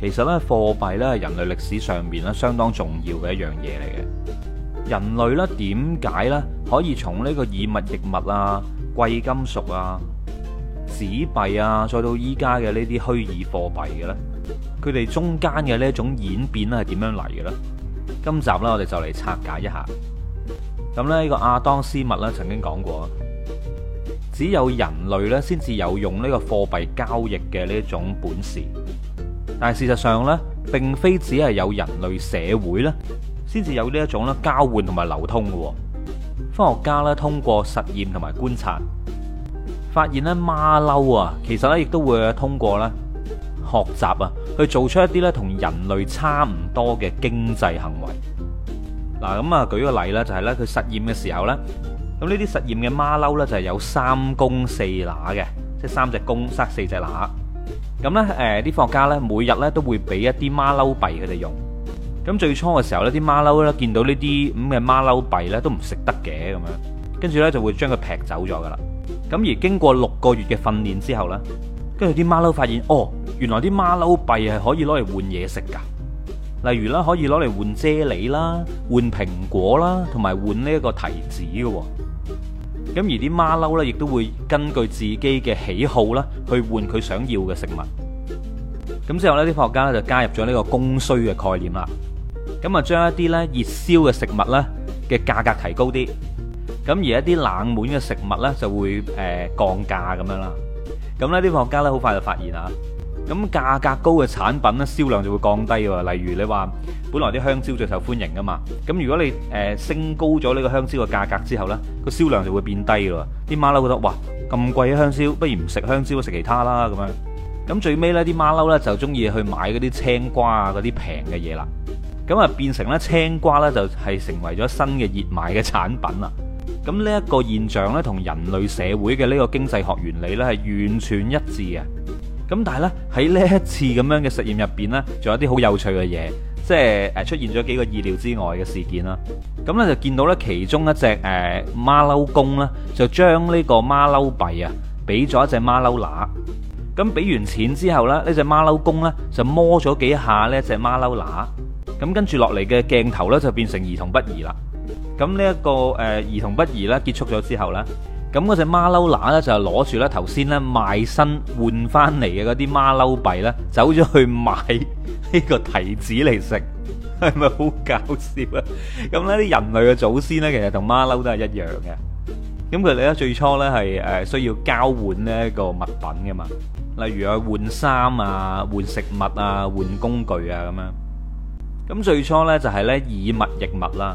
其實咧，貨幣咧係人類歷史上面咧相當重要嘅一樣嘢嚟嘅。人類咧點解咧可以從呢個以物易物啊、貴金屬啊、紙幣啊，再到依家嘅呢啲虛擬貨幣嘅咧？佢哋中間嘅呢一種演變咧係點樣嚟嘅咧？今集啦，我哋就嚟拆解一下。咁咧，呢個亞當斯密咧曾經講過，只有人類咧先至有用呢個貨幣交易嘅呢一種本事。但係事實上呢並非只係有人類社會呢先至有呢一種咧交換同埋流通嘅。科學家咧通過實驗同埋觀察，發現呢馬騮啊，其實呢亦都會通過呢學習啊，去做出一啲呢同人類差唔多嘅經濟行為。嗱，咁啊，舉個例呢，就係呢佢實驗嘅時候呢，咁呢啲實驗嘅馬騮呢，就係有三公四乸嘅，即係三隻公塞四隻乸。咁咧，誒啲科學家咧，每日咧都會俾一啲馬騮幣佢哋用。咁最初嘅時候咧，啲馬騮咧見到呢啲咁嘅馬騮幣咧，都唔食得嘅咁樣，跟住咧就會將佢劈走咗噶啦。咁而經過六個月嘅訓練之後咧，跟住啲馬騮發現，哦，原來啲馬騮幣係可以攞嚟換嘢食噶。例如呢，可以攞嚟換啫喱啦，換蘋果啦，同埋換呢一個提子嘅。咁而啲馬騮咧，亦都會根據自己嘅喜好啦，去換佢想要嘅食物。咁之後呢啲科學家咧就加入咗呢個供需嘅概念啦。咁啊，將一啲熱銷嘅食物呢嘅價格提高啲。咁而一啲冷門嘅食物呢就會、呃、降價咁樣啦。咁呢啲科學家呢好快就發現啦咁價格高嘅產品咧，銷量就會降低喎。例如你話，本來啲香蕉最受歡迎㗎嘛。咁如果你誒升高咗呢個香蕉嘅價格之後咧，個銷量就會變低咯。啲馬騮覺得哇，咁貴嘅香蕉，不如唔食香蕉，食其他啦咁樣。咁最尾咧，啲馬騮咧就中意去買嗰啲青瓜啊、嗰啲平嘅嘢啦。咁啊變成咧，青瓜咧就係成為咗新嘅熱賣嘅產品啦。咁呢一個現象咧，同人類社會嘅呢個經濟學原理咧係完全一致嘅。咁但係咧喺呢一次咁樣嘅實驗入面呢，仲有啲好有趣嘅嘢，即係誒出現咗幾個意料之外嘅事件啦。咁呢就見到呢其中一隻誒馬騮公呢，就將呢個馬騮幣啊，俾咗一隻馬騮乸。咁俾完錢之後呢，呢隻馬騮公呢，就摸咗幾下呢隻馬騮乸。咁跟住落嚟嘅鏡頭呢，就變成兒童不宜啦。咁呢一個誒、呃、兒童不宜呢，結束咗之後呢。咁嗰隻馬騮乸咧就係攞住咧頭先咧賣身換翻嚟嘅嗰啲馬騮幣咧，走咗去買呢個提子嚟食，係咪好搞笑啊？咁咧啲人類嘅祖先咧，其實同馬騮都係一樣嘅。咁佢哋咧最初咧係誒需要交換呢個物品嘅嘛，例如有換衫啊、換食物啊、換工具啊咁樣。咁最初咧就係咧以物易物啦。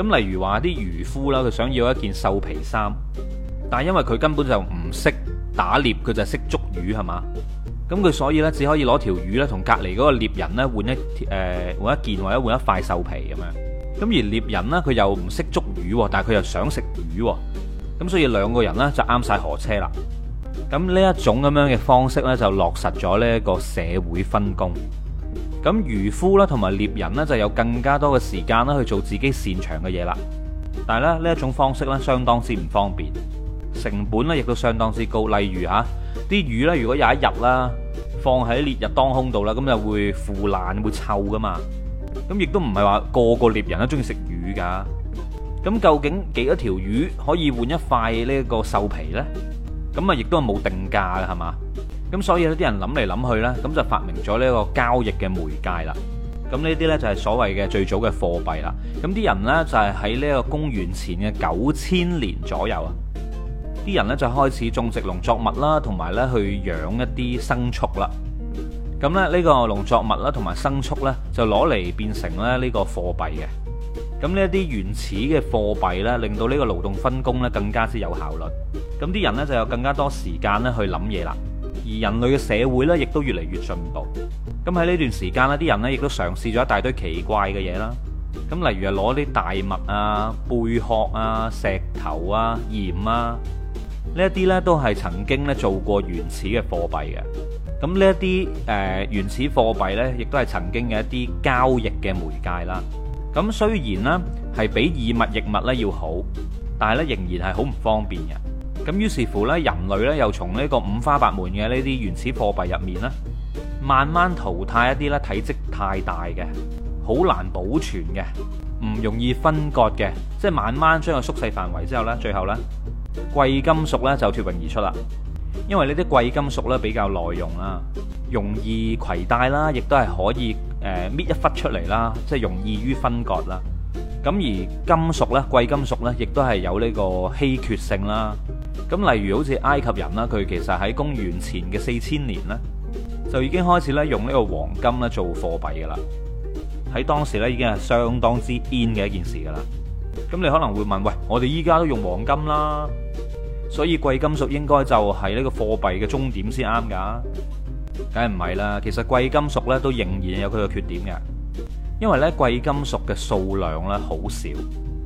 咁例如話啲漁夫啦，佢想要一件獸皮衫，但係因為佢根本就唔識打獵，佢就識捉魚係嘛？咁佢所以呢，只可以攞條魚呢，同隔離嗰個獵人呢換一誒換一件或者換一塊獸皮咁樣。咁而獵人呢，佢又唔識捉魚，但係佢又想食魚喎。咁所以兩個人呢，就啱晒河車啦。咁呢一種咁樣嘅方式呢，就落實咗呢個社會分工。咁漁夫啦，同埋獵人呢，就有更加多嘅時間啦，去做自己擅長嘅嘢啦。但係咧，呢一種方式呢，相當之唔方便，成本呢亦都相當之高。例如吓，啲，啊，魚呢，如果有一日啦，放喺烈日當空度啦，咁就會腐爛，會臭噶嘛。咁亦都唔係話個個獵人都中意食魚噶。咁究竟幾多條魚可以換一塊呢個獸皮呢？咁啊，亦都係冇定價嘅，係嘛？咁所以有啲人諗嚟諗去呢，咁就發明咗呢個交易嘅媒介啦。咁呢啲呢，就係所謂嘅最早嘅貨幣啦。咁啲人呢，就係喺呢個公元前嘅九千年左右啊，啲人呢，就開始種植農作物啦，同埋呢去養一啲牲畜啦。咁咧呢個農作物啦，同埋牲畜呢，就攞嚟變成咧呢個貨幣嘅。咁呢一啲原始嘅貨幣呢，令到呢個勞動分工呢更加之有效率。咁啲人呢，就有更加多時間呢去諗嘢啦。而人類嘅社會咧，亦都越嚟越進步。咁喺呢段時間咧，啲人咧亦都嘗試咗一大堆奇怪嘅嘢啦。咁例如係攞啲大麥啊、貝殼啊、石頭啊、鹽啊，呢一啲呢都係曾經咧做過原始嘅貨幣嘅。咁呢一啲誒原始貨幣呢，亦都係曾經嘅一啲交易嘅媒介啦。咁雖然呢係比以物易物呢要好，但係呢仍然係好唔方便嘅。咁於是乎咧，人類咧又從呢個五花八門嘅呢啲原始貨幣入面咧，慢慢淘汰一啲咧體積太大嘅，好難保存嘅，唔容易分割嘅，即係慢慢將個縮細範圍之後咧，最後咧貴金屬咧就脫穎而出啦。因為呢啲貴金屬咧比較耐用啦，容易攜帶啦，亦都係可以誒搣一忽出嚟啦，即係容易於分割啦。咁而金屬咧，貴金屬咧，亦都係有呢個稀缺性啦。咁例如好似埃及人啦，佢其實喺公元前嘅四千年咧，就已經開始咧用呢個黃金咧做貨幣噶啦。喺當時咧已經係相當之 in 嘅一件事噶啦。咁你可能會問，喂，我哋依家都用黃金啦，所以貴金屬應該就係呢個貨幣嘅終點先啱㗎？梗係唔係啦。其實貴金屬咧都仍然有佢嘅缺點嘅。因為咧貴金屬嘅數量咧好少，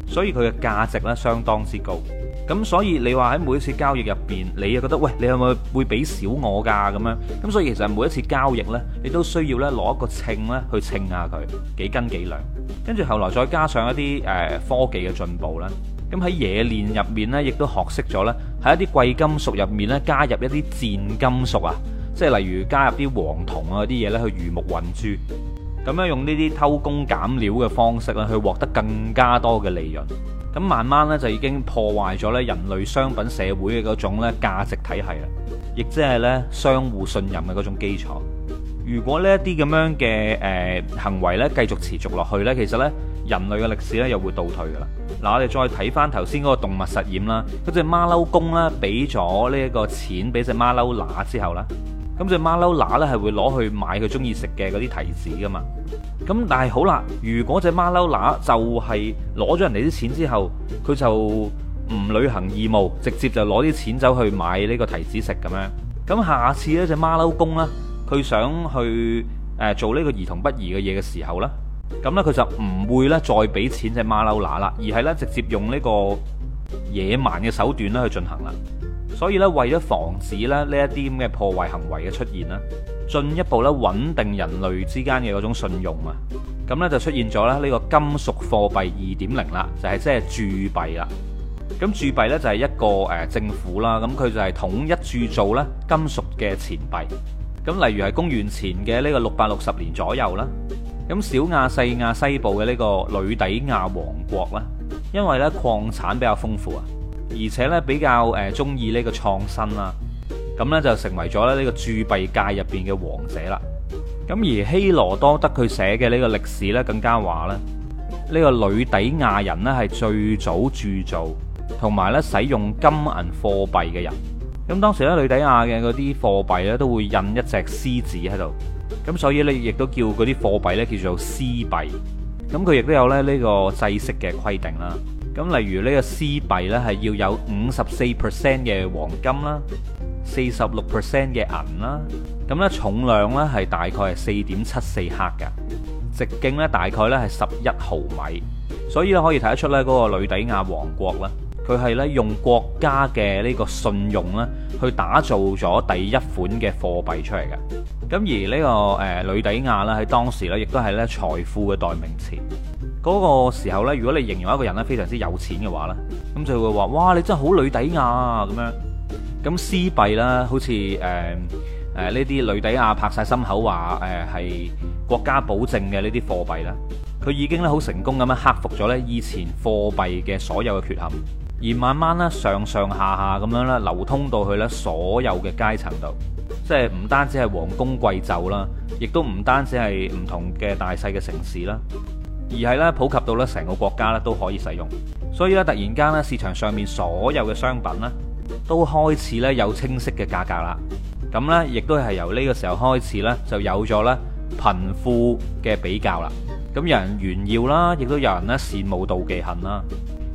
所以佢嘅價值咧相當之高。咁所以你話喺每一次交易入邊，你又覺得喂，你係咪會俾少我㗎咁樣？咁所以其實每一次交易呢，你都需要咧攞一個稱咧去稱下佢幾斤幾兩。跟住後來再加上一啲誒、呃、科技嘅進步啦，咁喺冶煉入面呢，亦都學識咗咧喺一啲貴金屬入面咧加入一啲賤金屬啊，即係例如加入啲黃銅啊啲嘢咧去魚目混珠。咁樣用呢啲偷工減料嘅方式咧，去獲得更加多嘅利潤。咁慢慢呢就已經破壞咗呢人類商品社會嘅嗰種咧價值體系啦，亦即係呢相互信任嘅嗰種基礎。如果呢一啲咁樣嘅、呃、行為呢繼續持續落去呢，其實呢人類嘅歷史呢又會倒退噶啦。嗱，我哋再睇翻頭先嗰個動物實驗啦，嗰隻馬騮公啦，俾咗呢一個錢俾隻馬騮乸之後呢。咁隻馬騮乸呢係會攞去買佢中意食嘅嗰啲提子噶嘛？咁但係好啦，如果隻馬騮乸就係攞咗人哋啲錢之後，佢就唔履行義務，直接就攞啲錢走去買呢個提子食咁樣。咁下次呢隻馬騮公呢，佢想去誒做呢個兒童不宜嘅嘢嘅時候呢，咁呢，佢就唔會呢再俾錢隻馬騮乸啦，而係呢直接用呢個野蠻嘅手段咧去進行啦。所以咧，為咗防止咧呢一啲咁嘅破壞行為嘅出現啦，進一步咧穩定人類之間嘅嗰種信用啊，咁咧就出現咗咧呢個金屬貨幣二點零啦，就係即係鑄幣啦。咁鑄幣咧就係一個誒政府啦，咁佢就係統一鑄造咧金屬嘅錢幣。咁例如係公元前嘅呢個六百六十年左右啦，咁小亞細亞西，亞西部嘅呢個呂底亞王國啦，因為咧礦產比較豐富啊。而且咧比較鍾中意呢個創新啦，咁咧就成為咗咧呢個鑄幣界入邊嘅王者啦。咁而希羅多德佢寫嘅呢個歷史咧，更加話咧呢個呂底亞人呢係最早鑄造同埋咧使用金銀貨幣嘅人。咁當時咧呂底亞嘅嗰啲貨幣咧都會印一隻獅子喺度，咁所以呢，亦都叫嗰啲貨幣咧叫做獅幣。咁佢亦都有咧呢個制式嘅規定啦。咁例如呢個絲幣呢係要有五十四 percent 嘅黃金啦，四十六 percent 嘅銀啦，咁呢重量呢係大概係四點七四克嘅，直徑呢大概呢係十一毫米，所以咧可以睇得出呢嗰個呂底亞王國呢，佢係呢用國家嘅呢個信用呢去打造咗第一款嘅貨幣出嚟嘅，咁而呢個誒呂底亞呢，喺當時呢亦都係呢財富嘅代名詞。嗰、那個時候呢，如果你形容一個人非常之有錢嘅話呢咁就會話：哇，你真係好呂底亞啊！咁樣咁私幣啦，好似誒呢啲呂底亞、啊、拍晒心口話誒係國家保證嘅呢啲貨幣啦，佢已經好成功咁樣克服咗呢以前貨幣嘅所有嘅缺陷，而慢慢呢，上上下下咁樣咧流通到去呢所有嘅階層度，即係唔單止係王公貴胄啦，亦都唔單止係唔同嘅大細嘅城市啦。而係咧普及到咧成個國家咧都可以使用，所以咧突然間咧市場上面所有嘅商品咧都開始咧有清晰嘅價格啦，咁咧亦都係由呢個時候開始咧就有咗咧貧富嘅比較啦，咁有人炫耀啦，亦都有人咧羨慕妒忌恨啦，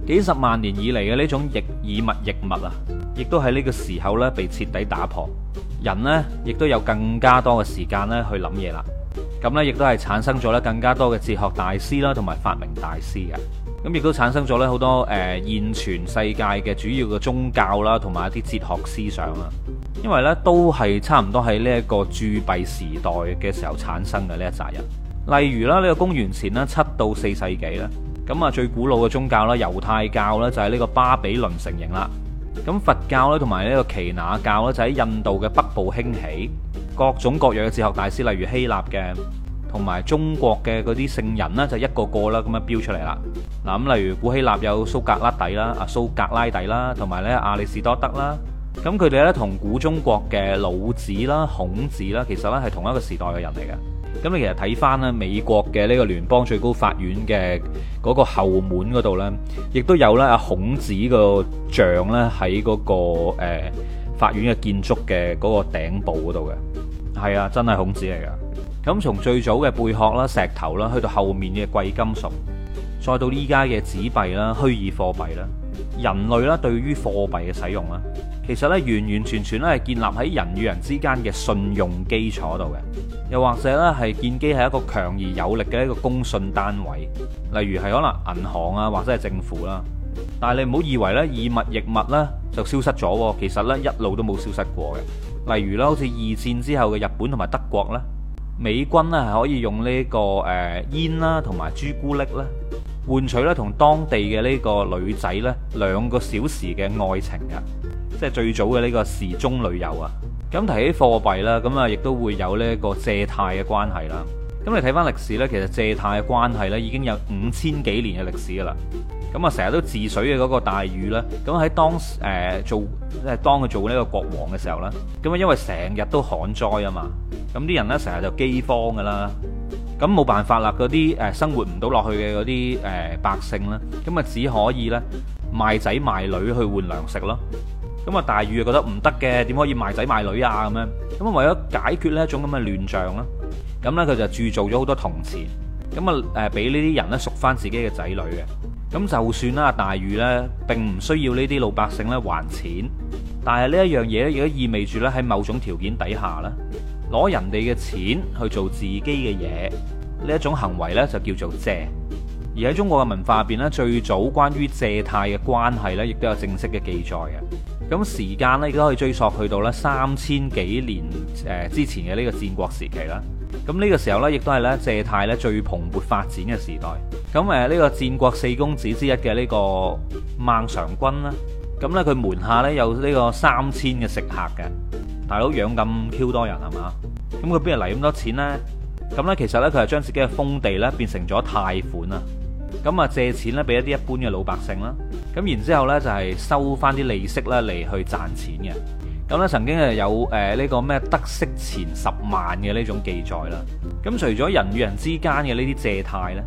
幾十萬年以嚟嘅呢種易以物易物啊，亦都喺呢個時候咧被徹底打破，人呢亦都有更加多嘅時間咧去諗嘢啦。咁咧，亦都係產生咗咧更加多嘅哲學大師啦，同埋發明大師嘅。咁亦都產生咗咧好多誒現存世界嘅主要嘅宗教啦，同埋一啲哲學思想啦。因為咧都係差唔多喺呢一個鑄幣時代嘅時候產生嘅呢一紮人。例如啦，呢、呢個公元前呢七到四世紀啦，咁啊最古老嘅宗教啦，猶太教啦就係呢個巴比倫成形啦。咁佛教咧同埋呢個耆那教咧就喺印度嘅北部興起。各種各樣嘅哲學大師，例如希臘嘅同埋中國嘅嗰啲聖人呢，就一個個啦咁樣標出嚟啦。嗱咁，例如古希臘有蘇格拉底啦、阿、啊、蘇格拉底啦，同埋咧亞里士多德啦。咁佢哋咧同古中國嘅老子啦、孔子啦，其實咧係同一個時代嘅人嚟嘅。咁你其實睇翻呢美國嘅呢個聯邦最高法院嘅嗰個後門嗰度呢，亦都有咧阿孔子個像咧喺嗰個誒法院嘅建築嘅嗰個頂部嗰度嘅。係啊，真係孔子嚟噶。咁從最早嘅貝殼啦、石頭啦，去到後面嘅貴金屬，再到依家嘅紙幣啦、虛擬貨幣啦，人類啦對於貨幣嘅使用啦，其實呢，完完全全咧係建立喺人與人之間嘅信用基礎度嘅，又或者呢，係建基喺一個強而有力嘅一個公信單位，例如係可能銀行啊或者係政府啦。但係你唔好以為呢，以物易物呢就消失咗，其實呢，一路都冇消失過嘅。例如啦，好似二戰之後嘅日本同埋德國咧，美軍咧係可以用呢個誒煙啦同埋朱古力啦，換取咧同當地嘅呢個女仔咧兩個小時嘅愛情嘅，即係最早嘅呢個時鐘旅遊啊。咁提起貨幣啦，咁啊亦都會有呢個借貸嘅關係啦。咁你睇翻歷史呢，其實借貸嘅關係呢已經有五千幾年嘅歷史啦。咁啊，成日都治水嘅嗰個大禹咧，咁喺當時誒做即係當佢做呢個國王嘅時候咧，咁啊，因為成日都旱災啊嘛，咁啲人咧成日就饑荒噶啦，咁冇辦法啦，嗰啲誒生活唔到落去嘅嗰啲誒百姓咧，咁啊，只可以咧賣仔賣女去換糧食咯。咁啊，大禹啊覺得唔得嘅，點可以賣仔賣女啊咁樣？咁啊，為咗解決呢一種咁嘅亂象啦，咁咧佢就鑄造咗好多銅錢，咁啊誒俾呢啲人咧，贖翻自己嘅仔女嘅。咁就算啦，大禹呢並唔需要呢啲老百姓呢還錢，但係呢一樣嘢呢亦都意味住呢喺某種條件底下呢，攞人哋嘅錢去做自己嘅嘢，呢一種行為呢，就叫做借。而喺中國嘅文化入邊呢，最早關於借貸嘅關係呢，亦都有正式嘅記載嘅。咁時間呢，亦都可以追溯去到呢三千幾年誒之前嘅呢個戰國時期啦。咁、這、呢個時候呢，亦都係呢借貸呢最蓬勃發展嘅時代。咁誒，呢個戰國四公子之一嘅呢個孟嘗君啦，咁呢佢門下呢，有呢個三千嘅食客嘅，大佬養咁 Q 多人係嘛？咁佢邊度嚟咁多錢呢？咁呢其實呢，佢係將自己嘅封地呢變成咗貸款啊，咁啊借錢呢，俾一啲一般嘅老百姓啦，咁然之後呢就係收翻啲利息呢嚟去賺錢嘅。咁咧曾經就有呢個咩得息前十萬嘅呢種記載啦。咁除咗人與人之間嘅呢啲借貸咧，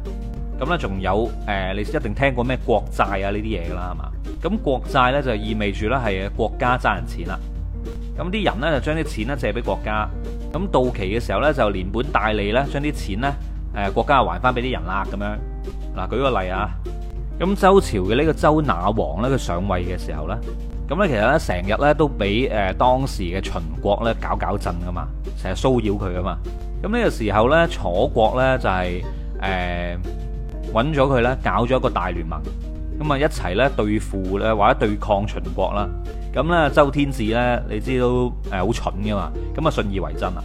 咁咧仲有誒你一定聽過咩國債啊呢啲嘢啦，係嘛？咁國債咧就意味住咧係國家爭人錢啦。咁啲人咧就將啲錢咧借俾國家，咁到期嘅時候咧就連本帶利咧將啲錢咧國家還翻俾啲人啦咁樣。嗱舉個例啊，咁周朝嘅呢個周赧王咧佢上位嘅時候咧。咁咧，其實咧，成日咧都俾誒當時嘅秦國咧搞搞震噶嘛，成日騷擾佢噶嘛。咁呢個時候咧，楚國咧就係誒揾咗佢咧搞咗一個大聯盟，咁啊一齊咧對付咧或者對抗秦國啦。咁咧周天子咧，你知道誒好蠢噶嘛，咁啊信以為真啊。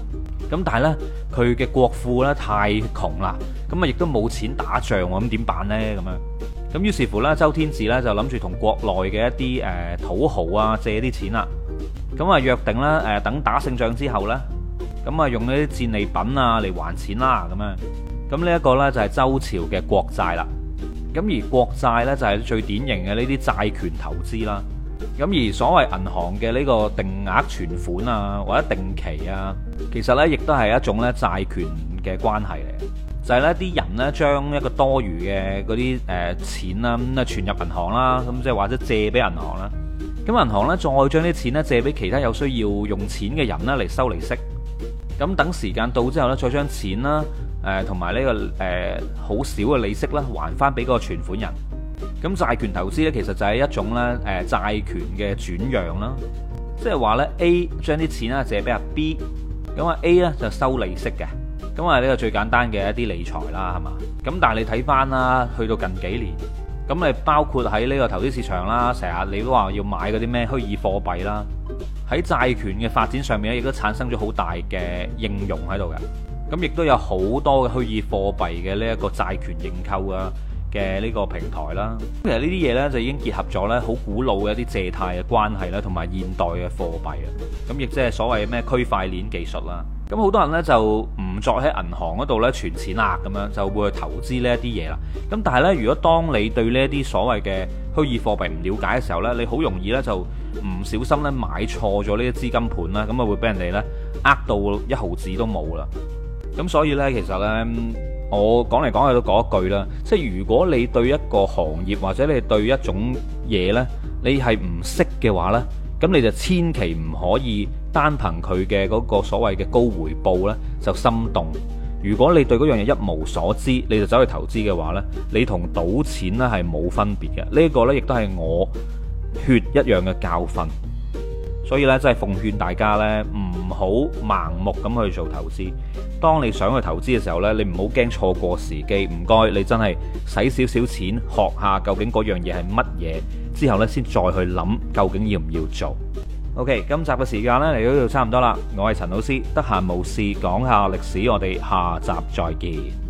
咁但係咧，佢嘅國庫咧太窮啦，咁啊亦都冇錢打仗喎，咁點辦咧？咁樣。咁於是乎咧，周天子咧就諗住同國內嘅一啲誒土豪啊借啲錢啦，咁啊約定咧誒等打勝仗之後咧，咁啊用呢啲戰利品啊嚟還錢啦咁樣。咁呢一個咧就係周朝嘅國債啦。咁而國債咧就係最典型嘅呢啲債權投資啦。咁而所謂銀行嘅呢個定額存款啊或者定期啊，其實咧亦都係一種咧債權嘅關係嚟。就係咧，啲人咧將一個多餘嘅嗰啲誒錢啦咁啊存入銀行啦，咁即係或者借俾銀行啦。咁銀行咧再將啲錢咧借俾其他有需要用錢嘅人咧嚟收利息。咁等時間到之後咧，再將錢啦誒同埋呢個誒好少嘅利息咧還翻俾個存款人。咁債權投資咧其實就係一種咧誒債權嘅轉讓啦，即係話咧 A 將啲錢咧借俾阿 B，咁啊 A 咧就收利息嘅。咁啊呢個最簡單嘅一啲理財啦，係嘛？咁但係你睇翻啦，去到近幾年，咁你包括喺呢個投資市場啦，成日你都話要買嗰啲咩虛擬貨幣啦，喺債券嘅發展上面咧，亦都產生咗好大嘅應用喺度嘅。咁亦都有好多嘅虛擬貨幣嘅呢一個債券認購啊嘅呢個平台啦。其實呢啲嘢呢，就已經結合咗呢好古老嘅一啲借貸嘅關係啦，同埋現代嘅貨幣啊。咁亦即係所謂咩區塊鏈技術啦。咁好多人呢，就唔再喺銀行嗰度呢存錢啦，咁樣就會去投資呢一啲嘢啦。咁但係呢，如果當你對呢一啲所謂嘅虛擬貨幣唔了解嘅時候呢，你好容易呢，就唔小心呢買錯咗呢啲資金盤啦，咁啊會俾人哋呢呃到一毫子都冇啦。咁所以呢，其實呢，我講嚟講去都講一句啦，即係如果你對一個行業或者你對一種嘢呢，你係唔識嘅話呢。咁你就千祈唔可以單憑佢嘅嗰個所謂嘅高回報呢就心動。如果你對嗰樣嘢一無所知，你就走去投資嘅話呢，你同賭錢呢係冇分別嘅。呢個呢亦都係我血一樣嘅教訓。所以呢，真係奉勸大家呢唔好盲目咁去做投資。當你想去投資嘅時候呢，你唔好驚錯過時機。唔該，你真係使少少錢學下究竟嗰樣嘢係乜嘢。之後咧，先再去諗究竟要唔要做。OK，今集嘅時間呢嚟到呢度差唔多啦。我係陳老師，得閒無事講下歷史，我哋下集再見。